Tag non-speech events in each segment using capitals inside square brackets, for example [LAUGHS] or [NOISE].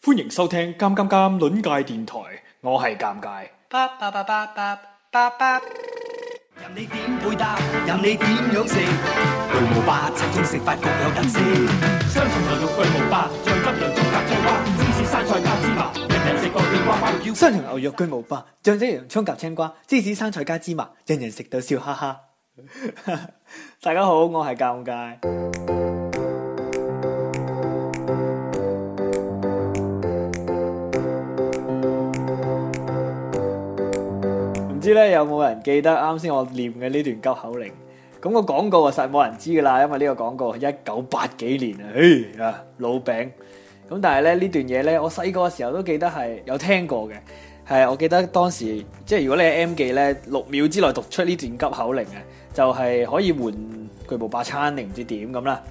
歡迎收聽《尷尷尷》尷尬電台，我係尷尬。任你點配搭，任你點樣食，巨無霸七種食法各有特色。雙層牛肉巨無霸，醬汁洋葱夾青瓜，芝士生菜加芝麻，人人食到笑哈哈。雙層牛肉巨無霸，醬汁洋葱夾青瓜，芝士生菜加芝麻，人人食到笑哈哈。大家好，我係尷尬。知咧，有冇人記得啱先我念嘅呢段急口令？咁個廣告啊實冇人知噶啦，因為呢個廣告係一九八幾年啊，啊老餅。咁但係咧呢段嘢咧，我細個嘅時候都記得係有聽過嘅。係我記得當時，即係如果你喺 M 記咧六秒之內讀出呢段急口令嘅，就係可以換巨無霸餐定唔知點咁啦。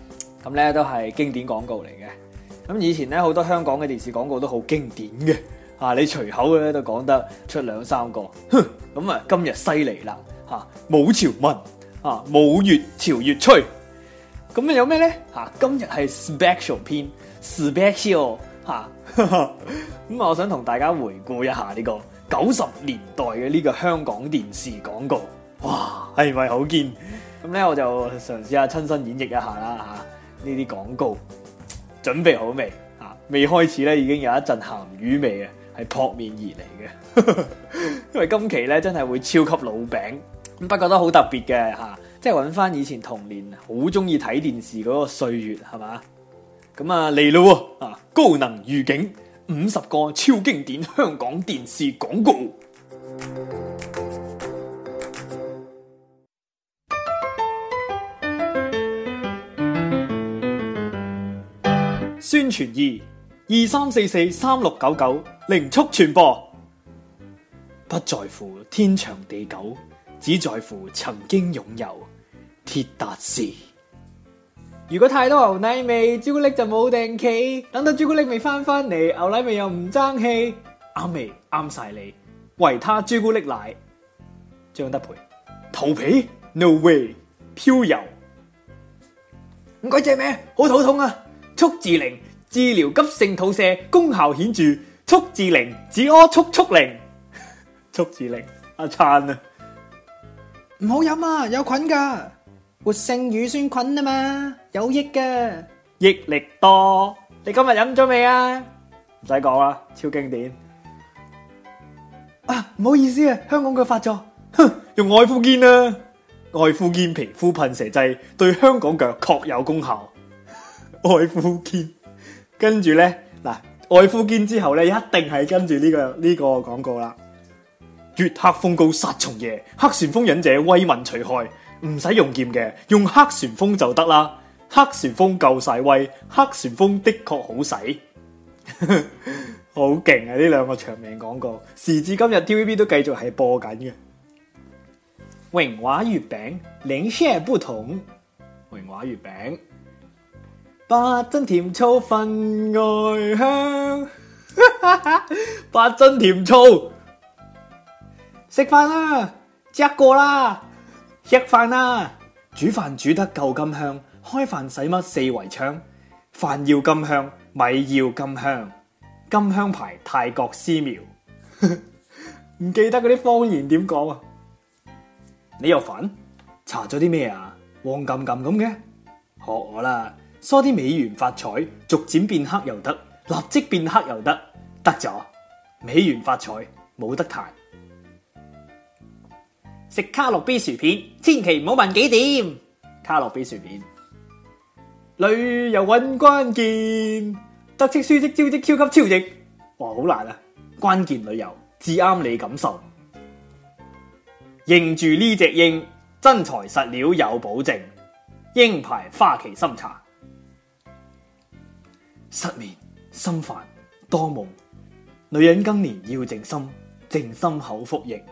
咁咧都係經典廣告嚟嘅。咁以前咧好多香港嘅電視廣告都好經典嘅。嚇你隨口咧都講得出兩三個，哼咁啊今日犀利啦嚇！冇潮文嚇，冇越潮越吹，咁有咩咧嚇？今日係 special 篇，special 嚇，咁我想同大家回顧一下呢個九十年代嘅呢個香港電視廣告，哇係咪好堅？咁咧我就嘗試下親身演繹一下啦嚇，呢啲廣告準備好未？嚇未開始咧已經有一陣鹹魚味啊！係撲面而嚟嘅。因為今期咧真係會超級老餅，不過都好特別嘅吓，即係揾翻以前童年好中意睇電視嗰個歲月，係嘛？咁啊嚟咯、啊！啊高能預警五十個超經典香港電視廣告， [MUSIC] 宣傳二二三四四三六九九。零速傳播，不在乎天長地久，只在乎曾經擁有。鐵達時，如果太多牛奶味，朱古力就冇定企。等到朱古力味翻返嚟，牛奶味又唔爭氣。啱味啱晒你維他朱古力奶。張德培頭皮 no way 飄柔唔該借咩，好肚痛啊！速治靈治療急性肚瀉，功效顯著。速字靈，只屙速速靈，速字靈。阿燦啊，唔好飲啊，有菌噶，活性乳酸菌啊嘛，有益噶，益力多。你今日飲咗未啊？唔使講啦，超經典。啊，唔好意思啊，香港腳發作，哼，用愛膚堅啦，愛膚堅皮膚噴射劑對香港腳確有功效。愛膚堅，跟住咧嗱。外夫劍之後咧，一定係跟住呢、這個呢、這個廣告啦。月黑風高殺蟲夜，黑旋風忍者為民除害，唔使用,用劍嘅，用黑旋風就得啦。黑旋風夠晒威，黑旋風的確好使， [LAUGHS] 好勁啊！呢兩個長命廣告，時至今日 TVB 都繼續係播緊嘅。榮華月餅，領先不同。榮華月餅。八珍甜醋分外香，哈哈八珍甜醋食飯啦，食過啦，食飯啦，煮飯煮得夠甘香，開飯使乜四圍搶？飯要甘香，米要甘香，甘香牌泰國絲苗，唔 [LAUGHS] 記得嗰啲方言點講啊？你又煩查咗啲咩啊？黃冧冧咁嘅，學我啦。梳啲美元發彩，逐漸變黑又得，立即變黑又得，得咗美元發彩冇得彈。食卡洛比薯片，千祈唔好問幾點。卡洛比薯片，旅遊運關鍵，得職書籍超職超級超值。哇好難啊！關鍵旅遊至啱你感受，認住呢隻鷹，真材實料有保證，鷹牌花旗參茶。失眠心煩多夢，女人更年要靜心，靜心口服液。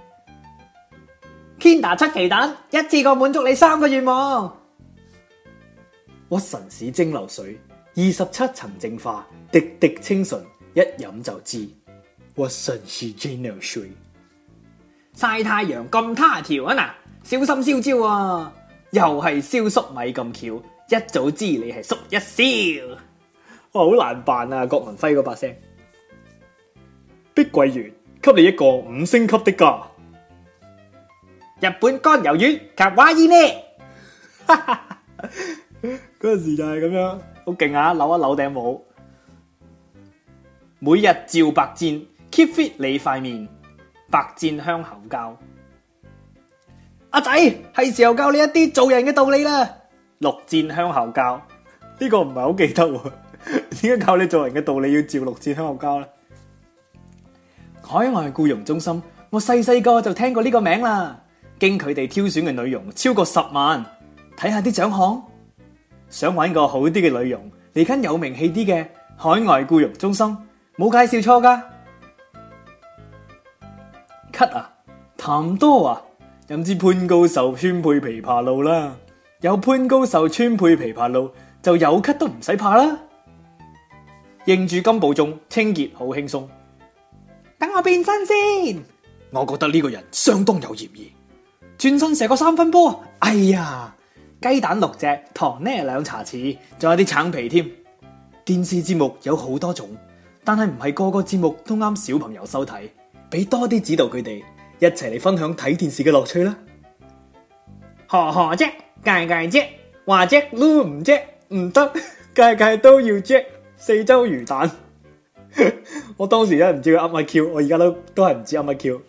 Kinder 出奇蛋，一次過滿足你三個願望。屈臣氏蒸餾水，二十七層淨化，滴滴清純，一飲就知。屈臣氏蒸餾水，曬太陽咁他條啊嗱，小心燒焦啊！又係燒粟米咁巧，一早知你係粟一燒。我好難辦啊！郭文輝嗰把聲，碧桂園，給你一個五星級的家。日本乾魷魚，卡哇伊呢？嗰陣時就係咁樣，好勁啊！扭一扭頂帽，每日照白箭 Keep fit 你塊面，白箭香口膠。阿仔，係時候教你一啲做人嘅道理啦。綠箭香口膠，呢個唔係好記得。點解教你做人嘅道理，要照六字香爐交啦。海外僱傭中心，我細細個就聽過呢個名啦。經佢哋挑選嘅女傭超過十萬，睇下，啲獎項。想揾個好啲嘅女傭，嚟間有名氣啲嘅海外僱傭中心，冇介紹錯噶。咳啊，痰多啊，飲支潘高壽川貝枇杷露啦。有潘高壽川貝枇杷露，就有咳都唔使怕啦。認住金寶鐘，清潔好輕鬆。等我變身先。我覺得呢個人相當有嫌疑。轉身射個三分波啊，哎呀，雞蛋六隻，糖呢兩茶匙，仲有啲橙皮添。電視節目有好多種，但係唔係個個節目都啱小朋友收睇，俾多啲指導佢哋一齊嚟，分享睇電視嘅樂趣啦。下下啫，計計啫，下啫，都唔啫，唔得，計計都要啫。四周魚蛋， [LAUGHS] 我當時咧，唔知佢 up 咪 q，我而家都都係唔知 up 咪 q。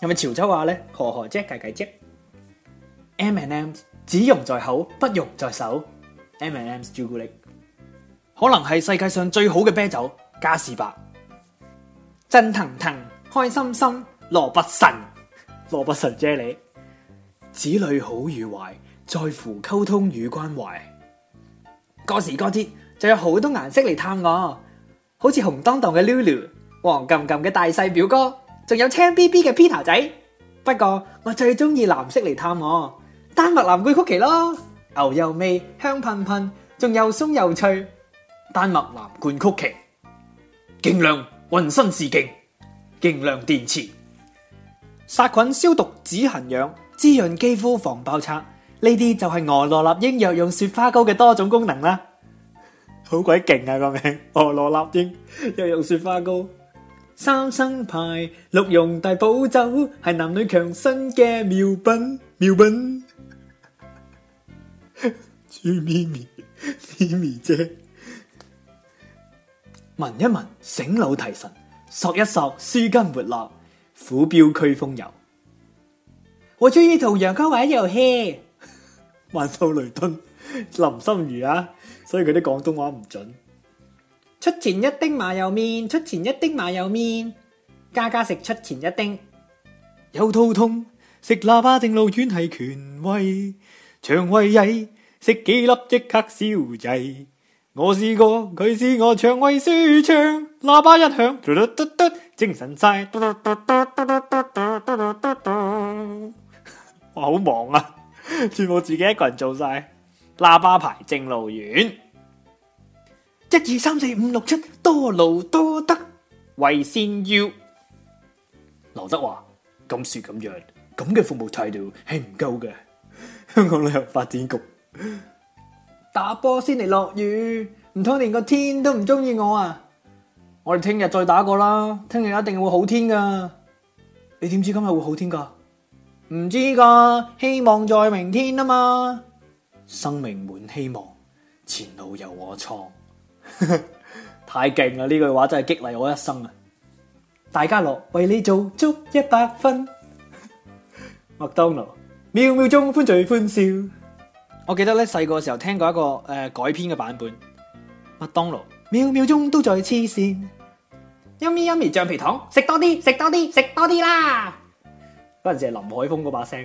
係咪潮州話咧？何何啫，計計啫。M and M 只溶在口，不溶在手。M and M 朱古力。可能係世界上最好嘅啤酒。嘉士伯。震騰騰，開心心，蘿蔔神，蘿 [LAUGHS] 蔔神啫喱。子女好與壞，在乎溝通與關懷。過時過節。就有好多顏色嚟探我，好似紅當當嘅 Lulu，黃冚冚嘅大細表哥，仲有青 B B 嘅 Peter 仔。不過我最中意藍色嚟探我，丹麥藍罐曲奇咯，牛油味香噴噴，仲又鬆又脆。丹麥藍罐曲奇，勁量渾身是勁，勁量電池，殺菌消毒止痕癢，滋潤肌膚防爆拆。呢啲就係娥羅納英藥用雪花膏嘅多種功能啦。好鬼勁啊，個名，俄羅納英又用雪花膏，三生牌鹿茸大補酒係男女強身嘅妙品，妙品。豬 [LAUGHS] 咪咪，咪咪姐，聞一聞，醒腦提神，索一索，舒筋活絡，虎標驅風油。我鍾意同楊哥玩遊戲，曼秀雷敦，林心如啊。所以佢啲廣東話唔準。出前一丁麻油麵，出前一丁麻油麵，家家食出前一丁。有肚痛，食喇叭正露丸係權威。腸胃曳，食幾粒即刻消滯。我試過佢試，我腸胃舒暢，喇叭一響，噠噠噠噠精神曬。我好 [LAUGHS] 忙啊， [LAUGHS] 全部自己一個人做晒。喇叭牌正露丸，一二三四五六七，多勞多得為先要。劉德華咁說咁樣，咁嘅服務態度係唔夠嘅。香港旅遊發展局打波先嚟落雨，唔通連個天都唔中意我啊？我哋聽日再打過啦，聽日一定會好天㗎。你點知今日會好天㗎？唔知㗎，希望在明天啊嘛。生命滿希望，前路由我創， [LAUGHS] 太勁啦！呢句話真係激勵我一生啊！大家樂為你做足一百分，麥 [LAUGHS] 當勞秒秒鐘歡聚歡笑。我記得咧細個時候聽過一個誒、呃、改編嘅版本，麥當勞秒秒鐘都在黐線，yummy yummy 橡皮糖，食多啲食多啲食多啲啦！嗰陣時係林海峰嗰把聲。.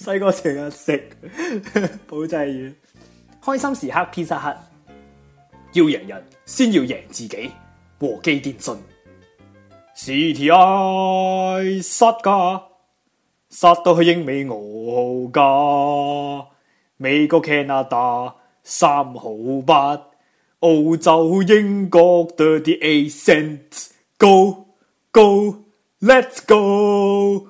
細個成日食保濟丸，開心時刻 Pizza Hut，要贏人先要贏自己。和記電信，C T I 殺價殺到去英美澳加，美國 Canada 三毫八，8, 澳洲英國 thirty eight cents，Go go，Let's go, go。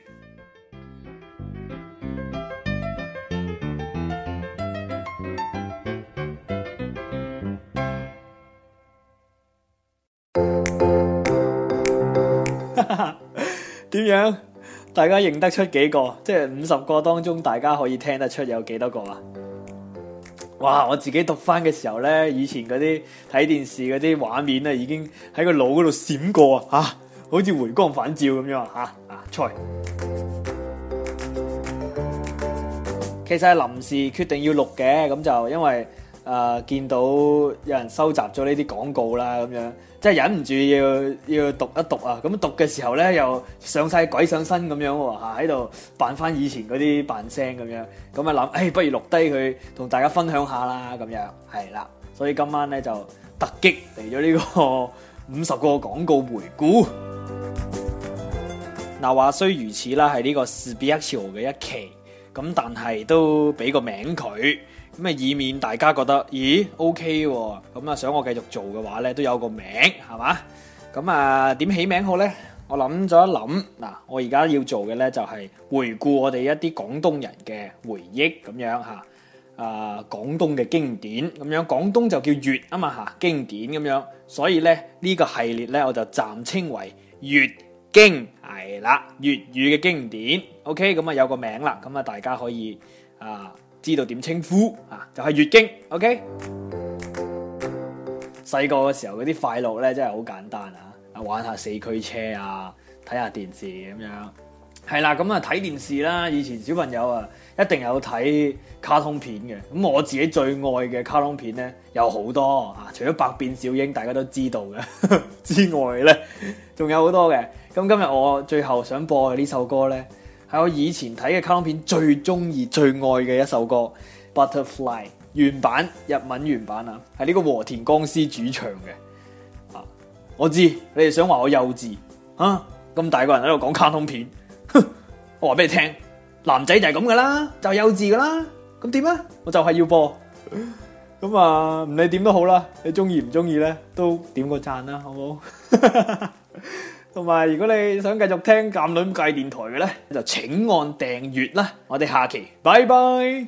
哈 [LAUGHS] 點樣？大家認得出幾個？即係五十個當中，大家可以聽得出有幾多個啊？哇！我自己讀翻嘅時候咧，以前嗰啲睇電視嗰啲畫面啊，已經喺個腦嗰度閃過啊，吓，好似回光返照咁樣啊！啊，菜， [MUSIC] 其實係臨時決定要錄嘅，咁就因為誒、呃、見到有人收集咗呢啲廣告啦，咁樣。即係忍唔住要要讀一讀啊！咁讀嘅時候咧，又上晒鬼上身咁樣喎嚇，喺度扮翻以前嗰啲扮聲咁樣，咁啊諗，哎，不如錄低佢同大家分享下啦咁樣，係啦，所以今晚咧就突擊嚟咗呢個五十個廣告回顧。嗱 [MUSIC] 話雖如此啦，係呢個 SBH 嘅一期，咁但係都俾個名佢。咁啊，以免大家覺得，咦？OK 喎，咁、OK、啊，想我繼續做嘅話咧，都有個名，係嘛？咁、嗯、啊，點起名好咧？我諗咗一諗，嗱，我而家要做嘅咧就係回顧我哋一啲廣東人嘅回憶咁樣嚇，啊，廣東嘅經典咁樣，廣東就叫粵啊嘛嚇，經典咁樣，所以咧呢個系列咧我就暫稱為粵經係啦，粵語嘅經典。OK，咁啊有個名啦，咁啊大家可以啊。知道點稱呼啊？就係、是、月經，OK。細個嘅時候嗰啲快樂咧，真係好簡單啊！玩下四驅車啊，睇下電視咁樣，係啦。咁啊，睇電視啦。以前小朋友啊，一定有睇卡通片嘅。咁我自己最愛嘅卡通片咧，有好多啊。除咗百變小櫻大家都知道嘅之外咧，仲有好多嘅。咁今日我最後想播嘅呢首歌咧。係我以前睇嘅卡通片最中意、最愛嘅一首歌《Butterfly》原版日文原版啊，係呢個和田光司主唱嘅。啊，我知道你哋想話我幼稚啊，咁大個人喺度講卡通片，我話俾你聽，男仔就係咁噶啦，就是、幼稚噶啦，咁點啊？我就係要播，咁 [LAUGHS] 啊唔理點都好啦，你中意唔中意咧，都點個讚啦、啊，好唔好？ [LAUGHS] 同埋，如果你想繼續聽《鹹女計》電台嘅咧，就請按訂閱啦！我哋下期，拜拜。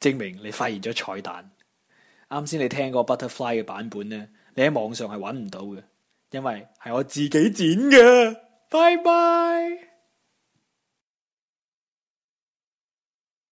證明你發現咗彩蛋。啱先你聽嗰個 Butterfly 嘅版本咧，你喺網上係揾唔到嘅，因為係我自己剪嘅。拜拜。